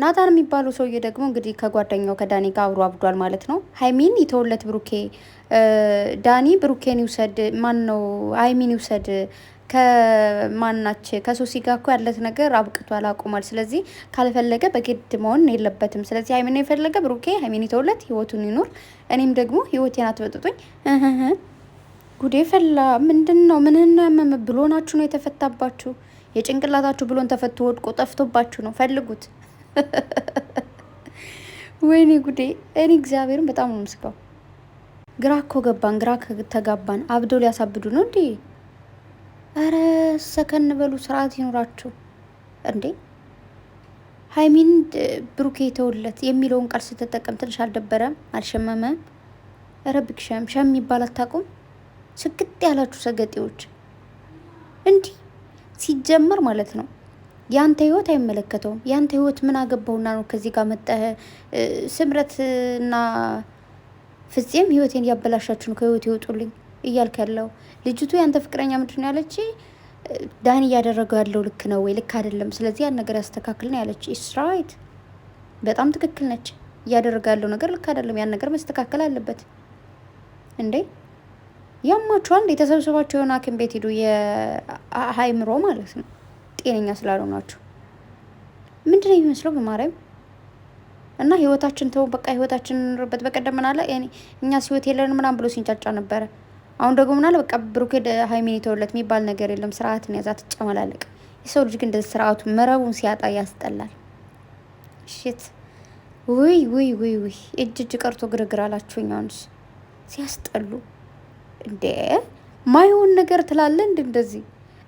ናታን የሚባለው ሰውዬ ደግሞ እንግዲህ ከጓደኛው ከዳኒ ጋር አብሮ አብዷል ማለት ነው። ሀይሚን የተወለት ብሩኬ ዳኒ ብሩኬን ይውሰድ ማን ነው ሀይሚን ይውሰድ ከማናች ከሶሲ ጋር እኮ ያለት ነገር አብቅቷል፣ አቁሟል። ስለዚህ ካልፈለገ በግድ መሆን የለበትም። ስለዚህ ሀይሚን የፈለገ ብሩኬ ሀይሚን የተወለት ህይወቱን ይኖር፣ እኔም ደግሞ ህይወቴን አትበጥጡኝ። ጉዴ ፈላ። ምንድን ነው ምንህና ያመመ? ብሎናችሁ ነው የተፈታባችሁ። የጭንቅላታችሁ ብሎን ተፈቶ ወድቆ ጠፍቶባችሁ ነው። ፈልጉት ወይኔ ጉዴ! እኔ እግዚአብሔርን በጣም ነው ግራ እኮ ገባን፣ ግራ ተጋባን። አብዶ ሊያሳብዱ ነው እንዴ? እረ ሰከን በሉ፣ ስርዓት ይኖራችሁ እንዴ! ሀይሚን ብሩኬ ተውለት የሚለውን ቃል ስትጠቀም ትንሽ አልደበረም? አልሸመመም? ረብክ ሸም ሸም የሚባል አታውቁም? ስግጥ ያላችሁ ሰገጤዎች እንዲህ ሲጀመር ማለት ነው ያንተ ህይወት አይመለከተውም። ያንተ ህይወት ምን አገባውና ነው ከዚህ ጋር መጠህ ስምረትና ፍፄም ህይወቴን እያበላሻችሁ ነው፣ ከህይወት ይወጡልኝ እያልክ ያለው ልጅቱ ያንተ ፍቅረኛ ምንድን ነው ያለች? ዳን እያደረገው ያለው ልክ ነው ወይ? ልክ አይደለም። ስለዚህ ያን ነገር ያስተካክል ነው ያለች። ኢስራይት በጣም ትክክል ነች። እያደረገ ያለው ነገር ልክ አይደለም። ያን ነገር መስተካከል አለበት። እንዴ ያማችኋል እንዴ? ተሰብስባችሁ የሆነ ሐኪም ቤት ሂዱ። የሀይምሮ ማለት ነው ጤነኛ ስላልሆናችሁ ምንድን ነው የሚመስለው? በማርያም እና ህይወታችን ተው በቃ ህይወታችን እንኖርበት። በቀደም ምናለ እኛስ ህይወት የለን ምናም ብሎ ሲንጫጫ ነበረ። አሁን ደግሞ ምናለ በቃ ብሩኬድ ሀይሜን የተወለት የሚባል ነገር የለም። ስርአትን ያዛ ትጨመላለቅ። የሰው ልጅ ግን እንደዚህ ስርአቱ መረቡን ሲያጣ ያስጠላል። ሽት ውይ ውይ ውይ ውይ እጅ እጅ ቀርቶ ግርግር አላችሁኝ። አሁንስ ሲያስጠሉ እንዴ ማይሆን ነገር ትላለ እንድ እንደዚህ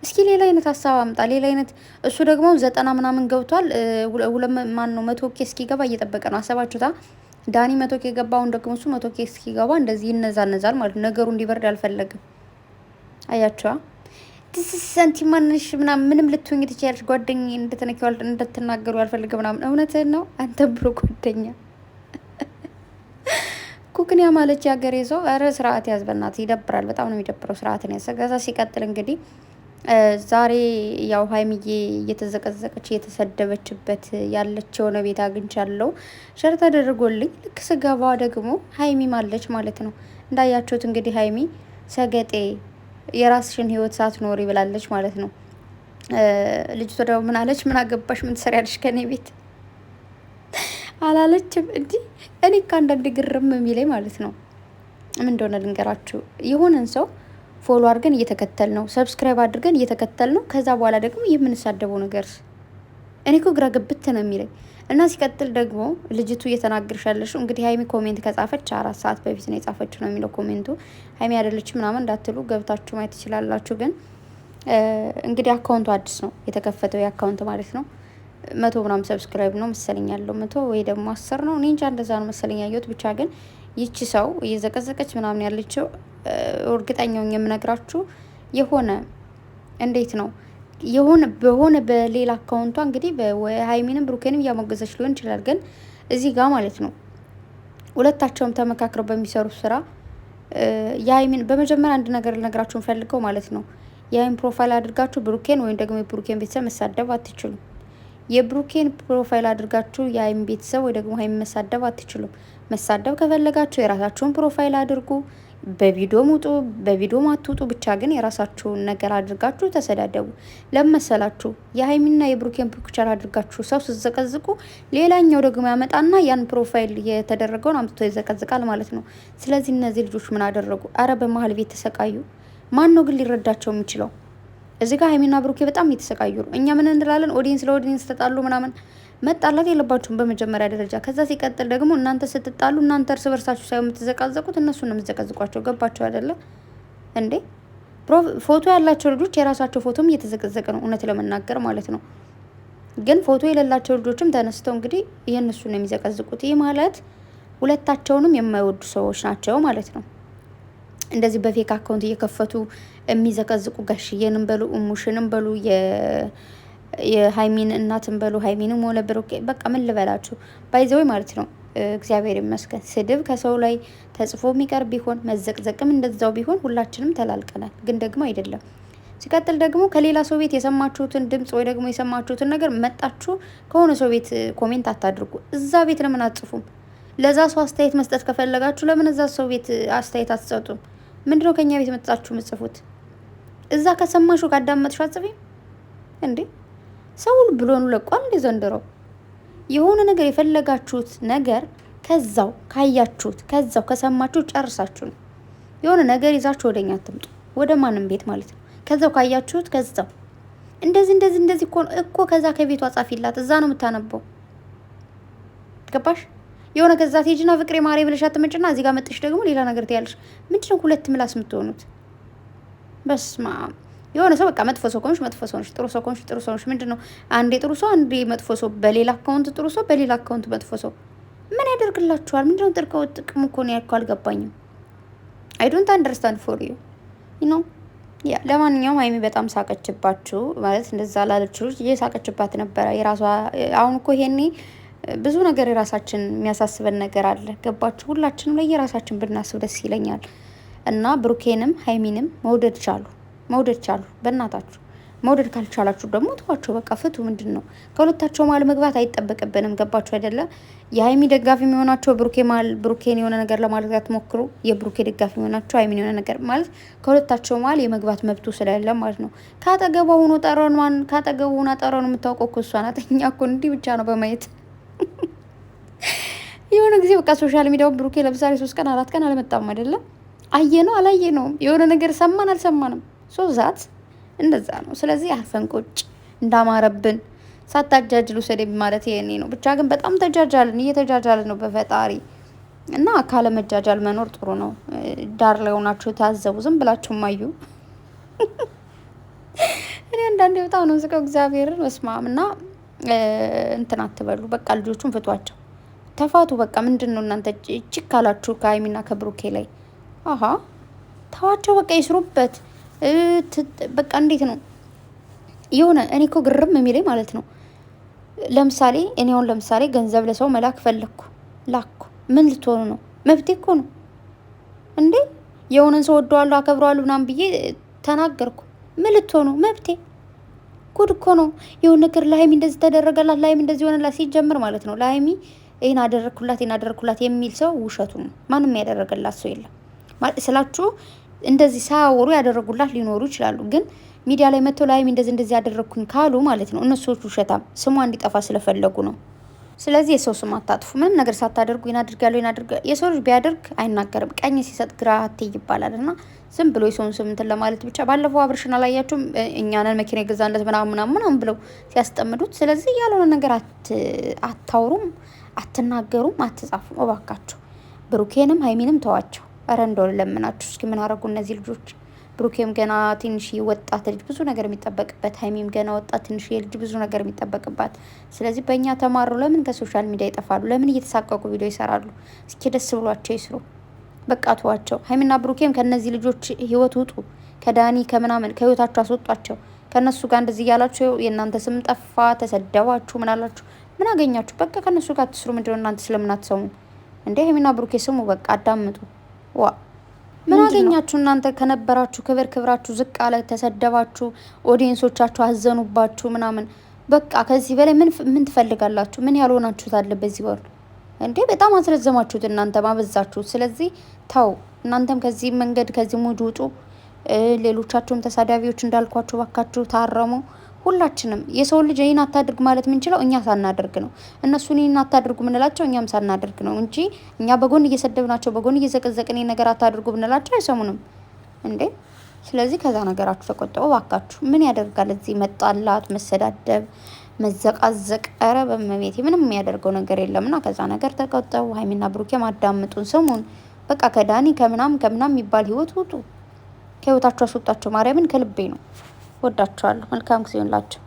እስኪ ሌላ አይነት ሀሳብ አምጣ፣ ሌላ አይነት እሱ ደግሞ ዘጠና ምናምን ገብቷል። ማን ነው መቶ ኬ እስኪገባ እየጠበቀ ነው። አሰባችሁታ ዳኒ መቶ ኬ ገባ። አሁን ደግሞ እሱ መቶ ኬ እስኪገባ እንደዚህ ይነዛ ነዛል ማለት ነው። ነገሩ እንዲበርድ አልፈለግም። አያቸዋ ዲስሰንቲ ማንሽ ምናምን ምንም ልትሆኝ ትችያለሽ። ጓደኛ እንደተነኪዋ እንደትናገሩ ያልፈልግ ምናምን እውነትህን ነው አንተ ብሎ ጓደኛ ኩክንያ ማለች ያገሬ ሰው። ኧረ ስርዓት ያዝ በእናትህ ይደብራል። በጣም ነው የሚደብረው ስርዓትን ያዝ። ሲቀጥል እንግዲህ ዛሬ ያው ሀይሚዬ እየተዘቀዘቀች እየተሰደበችበት ያለች የሆነ ቤት አግኝቻለሁ። ሸር ተደርጎልኝ ልክ ስገባ ደግሞ ሀይሚ ማለች ማለት ነው። እንዳያችሁት እንግዲህ ሀይሚ ሰገጤ የራስሽን ህይወት ሳትኖሪ ብላለች ማለት ነው። ልጅቷ ደግሞ ምን አለች? ምን አገባሽ? ምን ትሰሪያለሽ ከኔ ቤት አላለችም። እንዲህ እኔ ከአንዳንድ ግርም የሚለኝ ማለት ነው ምን እንደሆነ ልንገራችሁ የሆነን ሰው ፎሎ አድርገን እየተከተል ነው፣ ሰብስክራይብ አድርገን እየተከተል ነው። ከዛ በኋላ ደግሞ የምንሳደበው ነገር እኔ እኮ ግራ ግብት ነው የሚለኝ እና ሲቀጥል ደግሞ ልጅቱ እየተናገርሻለሽ እንግዲህ ሀይሚ ኮሜንት ከጻፈች አራት ሰዓት በፊት ነው የጻፈችው ነው የሚለው ኮሜንቱ። ሀይሚ አይደለች ምናምን እንዳትሉ ገብታችሁ ማየት ትችላላችሁ። ግን እንግዲህ አካውንቱ አዲስ ነው የተከፈተው የአካውንት ማለት ነው መቶ ምናምን ሰብስክራይብ ነው መሰለኝ ያለው መቶ ወይ ደግሞ አስር ነው እኔ እንጃ እንደዛ ነው መሰለኝ ያየሁት። ብቻ ግን ይቺ ሰው እየዘቀዘቀች ምናምን ያለችው እርግጠኛውን የምነግራችሁ የሆነ እንዴት ነው የሆነ በሆነ በሌላ አካውንቷ እንግዲህ በሀይሚንም ብሩኬንም እያሞገዘች ሊሆን ይችላል። ግን እዚህ ጋር ማለት ነው ሁለታቸውም ተመካክረው በሚሰሩ ስራ የሀይሚን በመጀመሪያ አንድ ነገር ልነግራችሁ ፈልገው ማለት ነው የሀይሚን ፕሮፋይል አድርጋችሁ ብሩኬን ወይም ደግሞ የብሩኬን ቤተሰብ መሳደብ አትችሉም። የብሩኬን ፕሮፋይል አድርጋችሁ የሀይሚ ቤተሰብ ወይ ደግሞ ሀይሚ መሳደብ አትችሉም። መሳደብ ከፈለጋችሁ የራሳችሁን ፕሮፋይል አድርጉ። በቪዲዮም ውጡ፣ በቪዲዮም አትውጡ። ብቻ ግን የራሳችሁን ነገር አድርጋችሁ ተሰዳደቡ። ለመሰላችሁ የሀይሚና የብሩኬን ፒክቸር አድርጋችሁ ሰው ስዘቀዝቁ፣ ሌላኛው ደግሞ ያመጣና ያን ፕሮፋይል የተደረገውን አምጥቶ ይዘቀዝቃል ማለት ነው። ስለዚህ እነዚህ ልጆች ምን አደረጉ? አረ በመሀል ቤት ተሰቃዩ። ማን ነው ግን ሊረዳቸው የሚችለው? እዚህ ጋር ሀይሚና ብሩኬ በጣም እየተሰቃዩ ነው። እኛ ምን እንላለን? ኦዲንስ ለኦዲንስ ተጣሉ ምናምን። መጣላት የለባችሁም በመጀመሪያ ደረጃ። ከዛ ሲቀጥል ደግሞ እናንተ ስትጣሉ እናንተ እርስ በርሳችሁ ሳይሆን የምትዘቃዘቁት እነሱ ነው የምትዘቀዝቋቸው። ገባቸው አይደለም እንዴ? ፎቶ ያላቸው ልጆች የራሳቸው ፎቶም እየተዘቀዘቀ ነው፣ እውነት ለመናገር ማለት ነው። ግን ፎቶ የሌላቸው ልጆችም ተነስተው እንግዲህ የእነሱ ነው የሚዘቀዝቁት። ይህ ማለት ሁለታቸውንም የማይወዱ ሰዎች ናቸው ማለት ነው። እንደዚህ በፌክ አካውንት እየከፈቱ የሚዘቀዝቁ ጋሽዬንም በሉ እሙሽንም በሉ የሀይሚን እናትን በሉ ሀይሚንም ሆነ ብሩኬ በቃ ምን ልበላችሁ ባይዘወይ ማለት ነው። እግዚአብሔር ይመስገን ስድብ ከሰው ላይ ተጽፎ የሚቀር ቢሆን መዘቅዘቅም እንደዛው ቢሆን ሁላችንም ተላልቀናል። ግን ደግሞ አይደለም። ሲቀጥል ደግሞ ከሌላ ሰው ቤት የሰማችሁትን ድምጽ ወይ ደግሞ የሰማችሁትን ነገር መጣችሁ ከሆነ ሰው ቤት ኮሜንት አታድርጉ። እዛ ቤት ለምን አትጽፉም? ለዛ ሰው አስተያየት መስጠት ከፈለጋችሁ ለምን እዛ ሰው ቤት አስተያየት አትሰጡም? ምንድነው ከኛ ቤት መጥጣችሁ ምጽፉት? እዛ ከሰማሹ ካዳመጥሹ አጽፊም እንዴ ሰውል ብሎኑ ለቋል እንዴ ዘንድሮ የሆነ ነገር የፈለጋችሁት ነገር ከዛው ካያችሁት ከዛው ከሰማችሁ ጨርሳችሁ ነው። የሆነ ነገር ይዛችሁ ወደኛ አትምጡ፣ ወደ ማንም ቤት ማለት ነው። ከዛው ካያችሁት ከዛው እንደዚህ እንደዚህ እንደዚህ እኮ እኮ ከዛ ከቤቷ ጻፊላት፣ እዛ ነው የምታነበው። ገባሽ? የሆነ ከዛ ሄጅና ፍቅሬ ማሬ ብለሽ አትመጭና እዚህ ጋር መጥሽ ደግሞ ሌላ ነገር ትያለሽ። ምንድነው ሁለት ምላስ የምትሆኑት? በስማ የሆነ ሰው በቃ መጥፎ ሰው ከሆንሽ መጥፎ ሰው ነሽ፣ ጥሩ ሰው ከሆንሽ ጥሩ ሰው ነሽ። ነው አንዴ ጥሩ ሰው አንዴ መጥፎ ሰው፣ በሌላ አካውንት ጥሩ ሰው፣ በሌላ አካውንት መጥፎ ሰው። ምን ያደርግላችኋል? ምንድነው ጥርቀው ጥቅም እኮ ነው ያልኩ አልገባኝም። አይ ዶንት አንደርስታንድ ፎር ዩ ኖ ለማንኛውም ሀይሚ በጣም ሳቀችባችሁ ማለት እንደዛ ላለችው ልጅ እየሳቀችባት ነበረ የራሷ አሁን እኮ ይሄኔ ብዙ ነገር የራሳችን የሚያሳስበን ነገር አለ። ገባችሁ? ሁላችንም ላይ የራሳችን ብናስብ ደስ ይለኛል። እና ብሩኬንም ሀይሚንም መውደድ ቻሉ፣ መውደድ ቻሉ። በእናታችሁ መውደድ ካልቻላችሁ ደግሞ ተዋቸው፣ በቃ ፍቱ። ምንድን ነው ከሁለታቸው መሀል መግባት አይጠበቅብንም። ገባችሁ አይደለም? የሀይሚ ደጋፊ የሚሆናቸው ብሩኬ መሀል ብሩኬን የሆነ ነገር ለማድረግ ሞክሩ፣ የብሩኬ ደጋፊ የሚሆናቸው ሀይሚን የሆነ ነገር ማለት ከሁለታቸው መሀል የመግባት መብቱ ስለሌለ ማለት ነው። ከአጠገቧ ሆኖ ጠረኗን ከአጠገቡ ሆና ጠረኑ የምታውቀው እኮ እሷ ናት። እኛ እኮ እንዲህ ብቻ ነው በማየት በቃ ሶሻል ሚዲያውን ብሩኬ ለምሳሌ ሶስት ቀን አራት ቀን አልመጣም አይደለም። አየ ነው አላየ ነው የሆነ ነገር ሰማን አልሰማንም። ሶዛት እንደዛ ነው። ስለዚህ አርፈን ቁጭ እንዳማረብን ሳታጃጅሉ ሰደብ ማለት የኔ ነው። ብቻ ግን በጣም ተጃጃልን፣ እየተጃጃልን ነው በፈጣሪ እና ካለመጃጃል መኖር ጥሩ ነው። ዳር ላይ ሆናችሁ ታዘቡ፣ ዝም ብላችሁ ማዩ። እኔ አንዳንዴ በጣም ነው ስቀው እግዚአብሔርን መስማም እና እንትን አትበሉ። በቃ ልጆቹን ፍቷቸው። ተፋቱ። በቃ ምንድን ነው እናንተ እጅግ ካላችሁ ከሀይሚና ከብሩኬ ላይ አሀ ተዋቸው። በቃ ይስሩበት። በቃ እንዴት ነው የሆነ እኔ እኮ ግርም የሚለኝ ማለት ነው። ለምሳሌ እኔ አሁን ለምሳሌ ገንዘብ ለሰው መላክ ፈለግኩ ላኩ። ምን ልትሆኑ ነው? መብቴ እኮ ነው እንዴ የሆነን ሰው ወደዋለሁ አከብረዋለሁ ምናምን ብዬ ተናገርኩ። ምን ልትሆኑ መብቴ ጉድ እኮ ነው። የሆነ ነገር ለሀይሚ እንደዚህ ተደረገላት፣ ለሀይሚ እንደዚህ ሆነላት ሲጀምር ማለት ነው ለሀይሚ ይህን አደረግኩላት ይህን አደረግኩላት የሚል ሰው ውሸቱ ነው። ማንም ያደረገላት ሰው የለም ስላችሁ እንደዚህ ሳያወሩ ያደረጉላት ሊኖሩ ይችላሉ። ግን ሚዲያ ላይ መጥተው ላይ እንደዚህ እንደዚህ ያደረግኩኝ ካሉ ማለት ነው እነሱ ውሸታም ስሟ እንዲጠፋ ስለፈለጉ ነው። ስለዚህ የሰው ስም አታጥፉ። ምንም ነገር ሳታደርጉ ይናድርጋለሁ ይናድርጋ የሰው ልጅ ቢያደርግ አይናገርም። ቀኝ ሲሰጥ ግራ አቴ ይባላል እና ዝም ብሎ የሰውን ስም እንትን ለማለት ብቻ። ባለፈው አብርሽና ላያችሁም እኛንን መኪና የገዛለት ምናምን ምናምን ምናምን ብለው ሲያስጠምዱት። ስለዚህ ያልሆነ ነገር አታውሩም፣ አትናገሩም፣ አትጻፉም። እባካችሁ ብሩኬንም ሀይሚንም ተዋቸው። እረ እንደው ለምናችሁ እስኪ ምን አረጉ እነዚህ ልጆች። ብሩኬም ገና ትንሽ ወጣት ልጅ ብዙ ነገር የሚጠበቅበት፣ ሀይሚም ገና ወጣት ትንሽ ልጅ ብዙ ነገር የሚጠበቅባት። ስለዚህ በእኛ ተማሩ። ለምን ከሶሻል ሚዲያ ይጠፋሉ? ለምን እየተሳቀቁ ቪዲዮ ይሰራሉ? እስኪ ደስ ብሏቸው ይስሩ። በቃ ተዋቸው። ሀይሚና ብሩኬም ከእነዚህ ልጆች ህይወት ውጡ። ከዳኒ ከምናምን ከህይወታቸው አስወጧቸው። ከእነሱ ጋር እንደዚህ እያላችሁ የእናንተ ስም ጠፋ፣ ተሰደባችሁ፣ ምን አላችሁ፣ ምን አገኛችሁ? በቃ ከእነሱ ጋር ትስሩ። ምንድነው እናንተ ስለምን አትሰሙ እንዴ? ሀይሚና ብሩኬ ስሙ፣ በቃ አዳምጡ ዋ ምን አገኛችሁ እናንተ? ከነበራችሁ ክብር ክብራችሁ ዝቅ አለ፣ ተሰደባችሁ፣ ኦዲየንሶቻችሁ አዘኑባችሁ ምናምን። በቃ ከዚህ በላይ ምን ትፈልጋላችሁ? ምን ያልሆናችሁት አለ በዚህ ወር እንዴ? በጣም አስረዘማችሁት እናንተ ማበዛችሁት። ስለዚህ ተው እናንተም ከዚህ መንገድ ከዚህ ሙድ ውጡ። ሌሎቻችሁም ተሳዳቢዎች እንዳልኳችሁ ባካችሁ ታረሙ። ሁላችንም የሰው ልጅ ይህን አታድርግ ማለት የምንችለው እኛ ሳናደርግ ነው። እነሱን ይህን አታድርጉ ምንላቸው እኛም ሳናደርግ ነው እንጂ እኛ በጎን እየሰደብናቸው በጎን እየዘቀዘቅን ነገር አታድርጉ ብንላቸው አይሰሙንም እንዴ። ስለዚህ ከዛ ነገራችሁ ተቆጠቡ ባካችሁ። ምን ያደርጋል እዚህ መጣላት፣ መሰዳደብ፣ መዘቃዘቅ። ኧረ በመቤቴ ምንም የሚያደርገው ነገር የለምና ከዛ ነገር ተቆጠቡ። ሀይሚና ብሩኬ ማዳምጡን ስሙን። በቃ ከዳኒ ከምናም ከምናም የሚባል ህይወት ውጡ፣ ከህይወታችሁ አስወጣቸው። ማርያምን ከልቤ ነው። ወዳችኋለሁ። መልካም ጊዜ ይሁንላችሁ።